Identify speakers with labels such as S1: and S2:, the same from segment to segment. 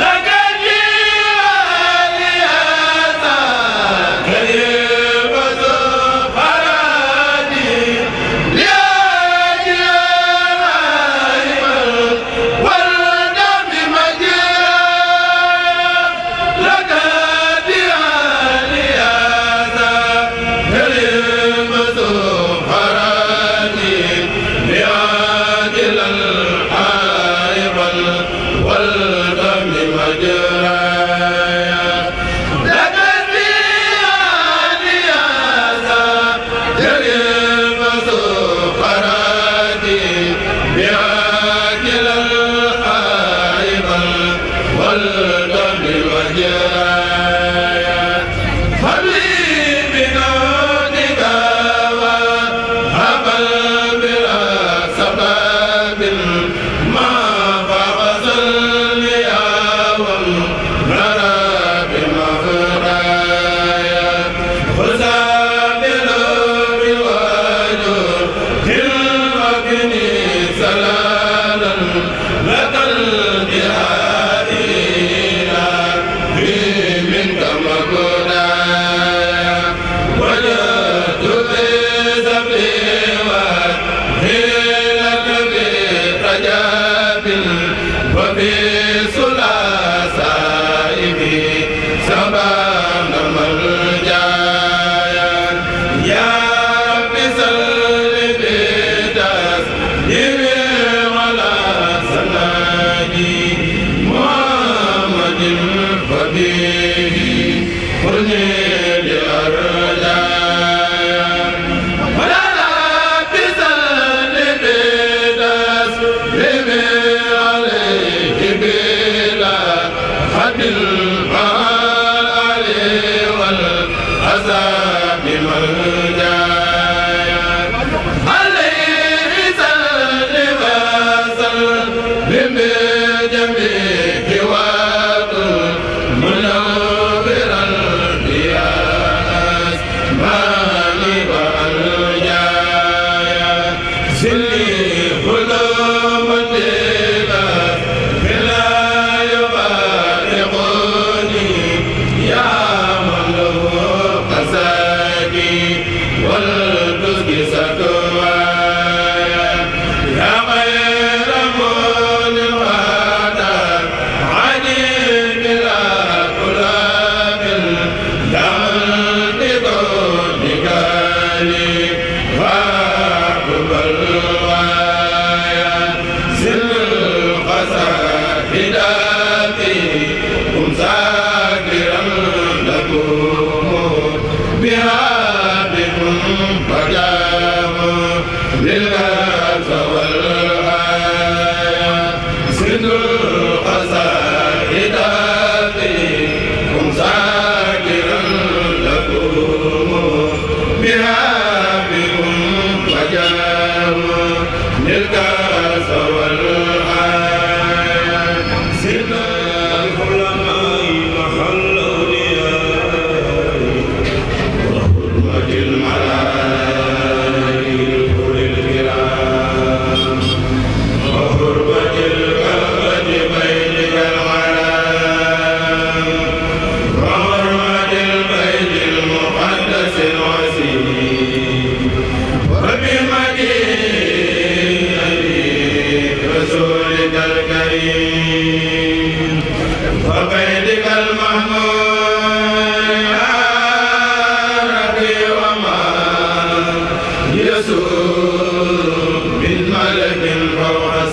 S1: la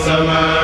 S1: sama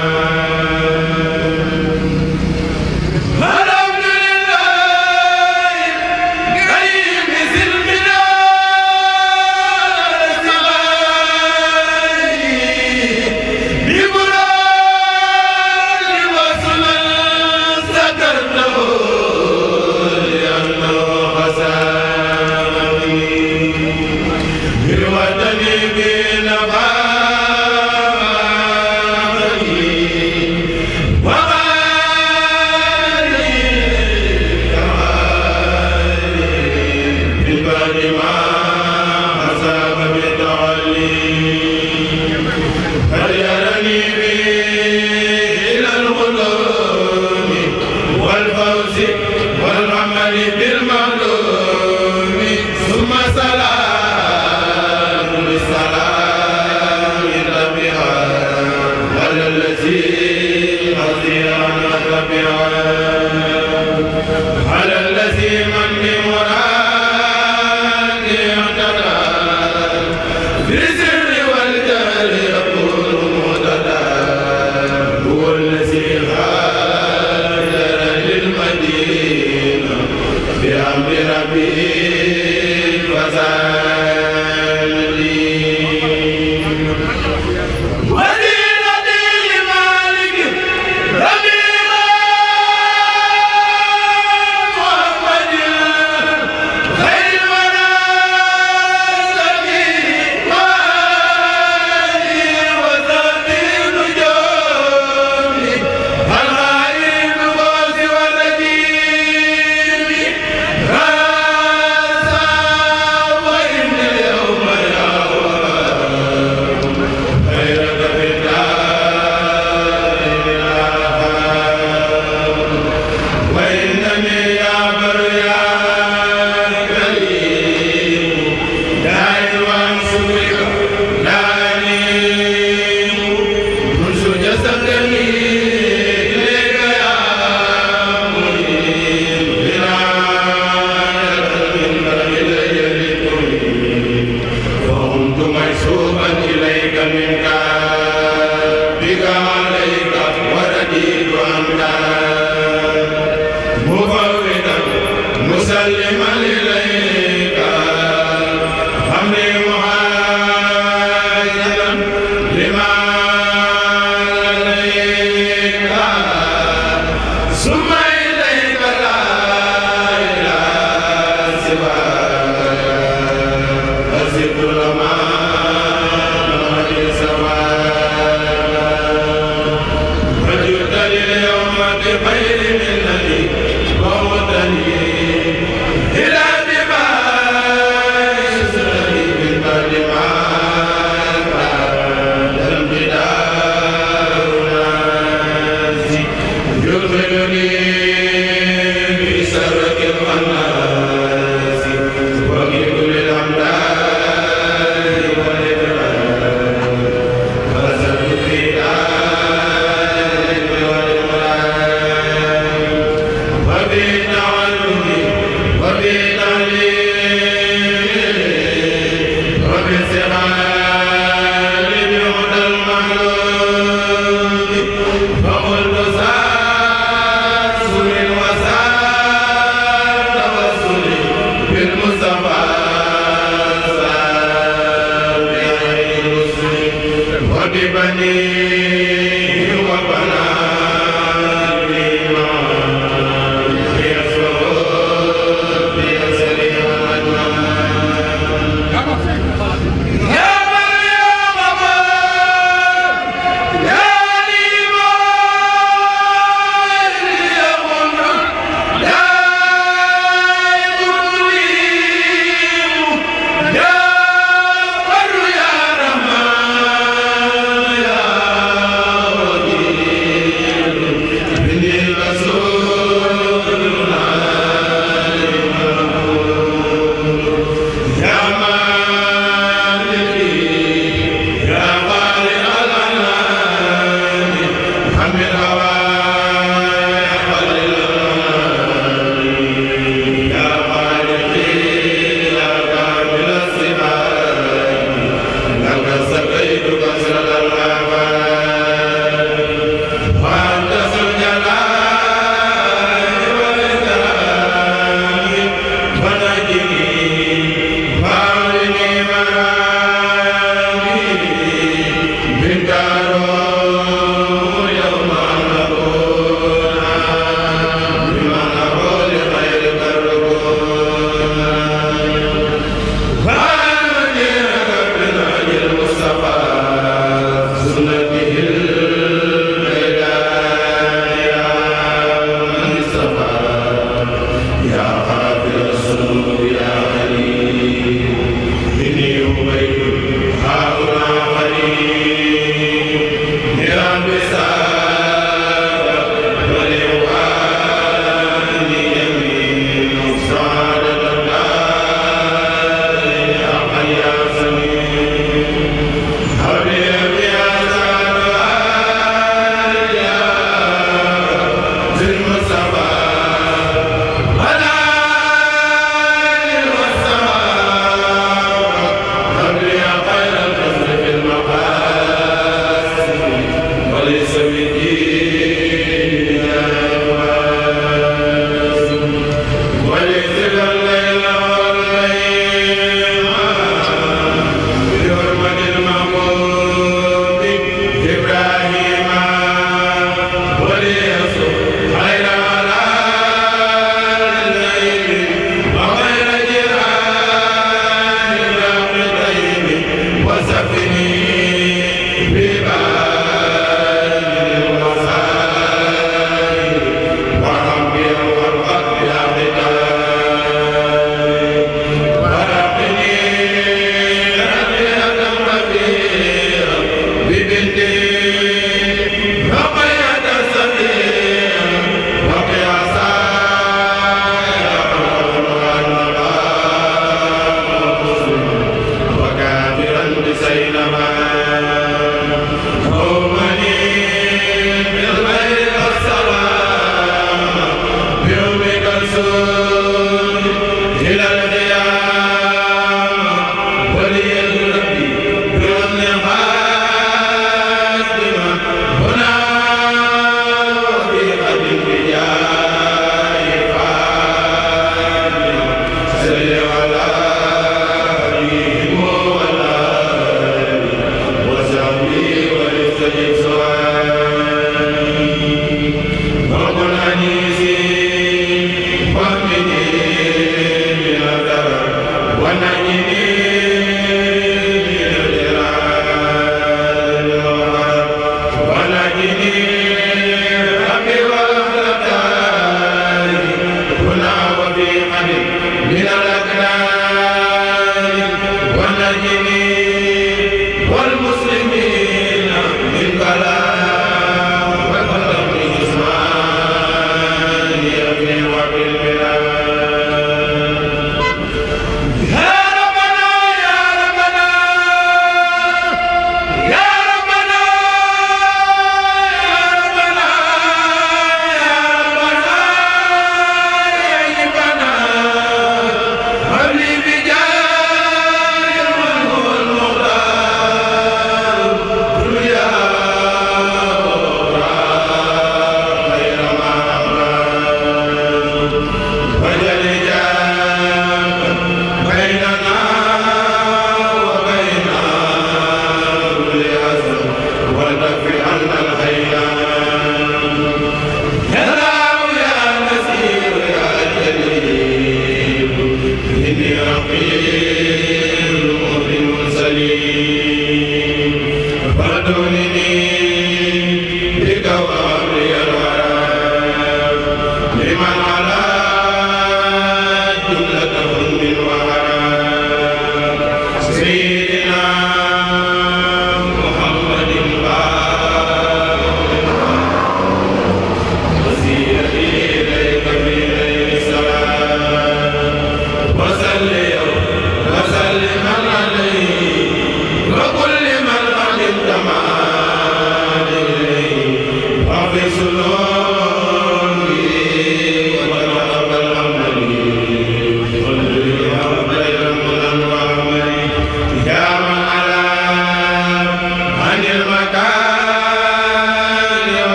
S1: ni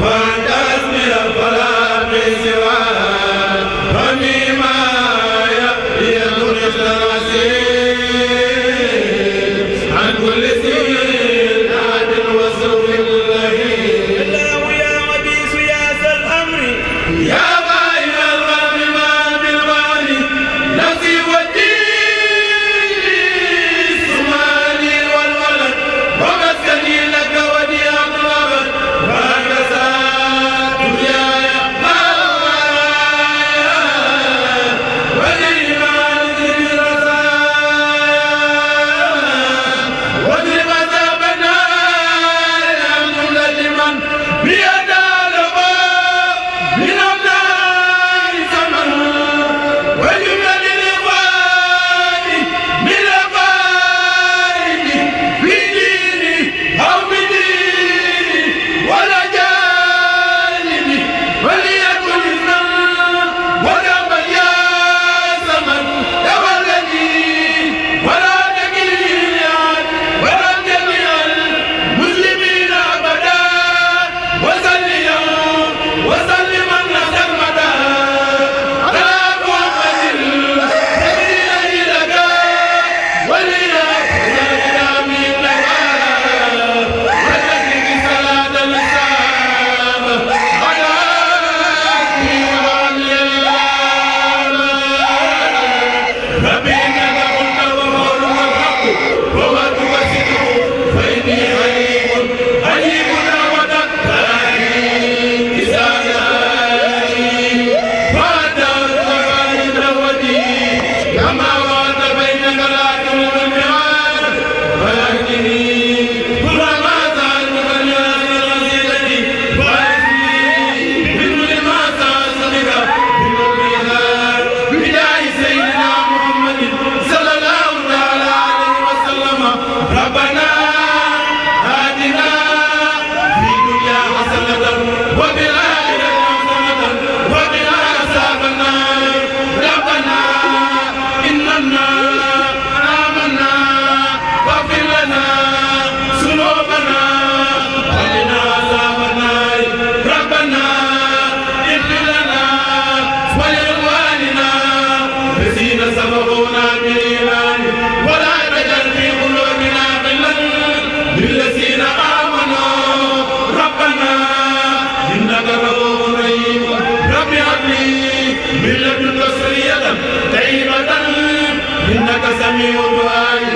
S1: Akbar سميع دعائي